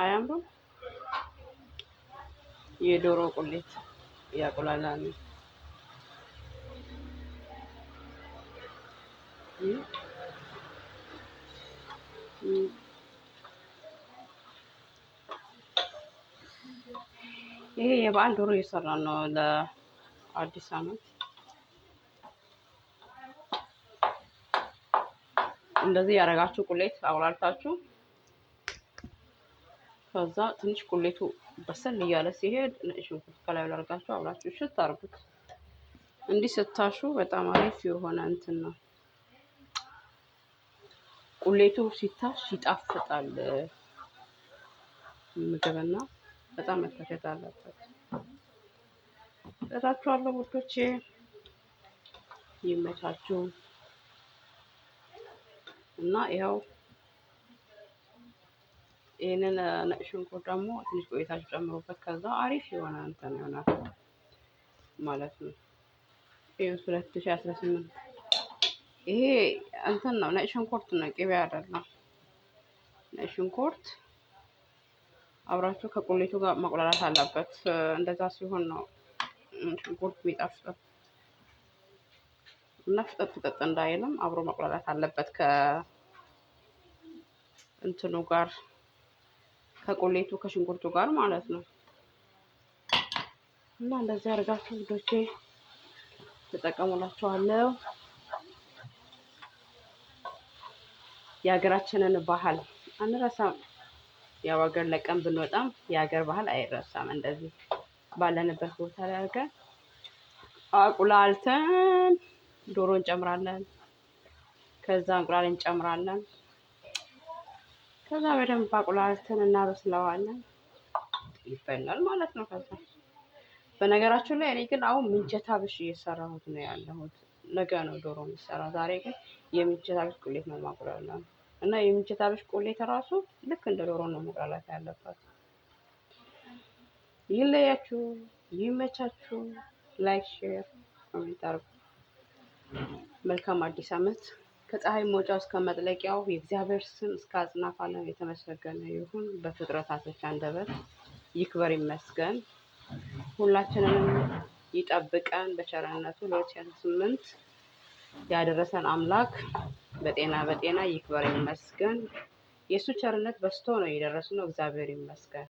አያምሩም? የዶሮ ቁሌት እያቁላላ ነው። ይሄ የበዓል ዶሮ እየሰራ ነው ለአዲስ ዓመት እንደዚህ ያደረጋችሁ ቁሌት አውላልታችሁ ከዛ ትንሽ ቁሌቱ በሰል እያለ ሲሄድ ነጭ ሽንኩርት ከላዩ ላርጋችሁ አብራችሁ ሽት አርጉት። እንዲህ ስታሹ በጣም አሪፍ የሆነ እንትን ነው። ቁሌቱ ሲታሽ ይጣፍጣል ምግብና በጣም መታሸት አለበት። እላችኋለሁ ውዶቼ፣ ይመቻችሁ እና ይኸው ይህንን ነጭ ሽንኩርት ደግሞ ትንሽ ቆይታችሁ ጨምሮበት ከዛ አሪፍ የሆነ እንትን ይሆናል ማለት ነው። ይኸው ሁለት ሺ አስራ ስምንት ይሄ እንትን ነው፣ ነጭ ሽንኩርት ነው፣ ቅቤ አይደለም። ነጭ ሽንኩርት አብራችሁ ከቁሌቱ ጋር መቁላላት አለበት። እንደዛ ሲሆን ነው ሽንኩርት የሚጣፍጠው እና ፍጠጥ ፍጠጥ እንዳይልም አብሮ መቁላላት አለበት ከእንትኑ ጋር ከቁሌቱ ከሽንኩርቱ ጋር ማለት ነው። እና እንደዚህ አድርጋችሁ ውዶቼ ተጠቀሙላችኋለሁ። የሀገራችንን ባህል አንረሳም። ያው ሀገር ለቀን ብንወጣም የሀገር ባህል አይረሳም። እንደዚህ ባለንበት ቦታ ላይ አድርገን አቁላልተን ዶሮ እንጨምራለን። ከዛ እንቁላል እንጨምራለን። ከዛ በደንብ አቁላልተን እናበስለዋለን። ይበላል ማለት ነው። ከዛ በነገራችን ላይ እኔ ግን አሁን ምንቸታ ብሽ እየሰራሁት ነው ያለሁት። ነገ ነው ዶሮ የሚሰራ። ዛሬ ግን የምንቸታ ብሽ ቁሌት ነው ማቁላላ እና የምንቸታ ብሽ ቁሌት ራሱ ልክ እንደ ዶሮ ነው መቁላላት ያለባት። ይለያችሁ፣ ይመቻችሁ። ላይክ ሼር ኮሜንት አርጉ። መልካም አዲስ አመት። ከፀሐይ መውጫው እስከ መጥለቂያው የእግዚአብሔር ስም እስከ አጽናፈ ዓለም የተመሰገነ ይሁን። በፍጥረታቶች አንደበት ይክበር ይመስገን። ሁላችንንም ይጠብቀን በቸርነቱ ለ ስምንት ያደረሰን አምላክ በጤና በጤና ይክበር ይመስገን። የእሱ ቸርነት በስቶ ነው ነው። እግዚአብሔር ይመስገን።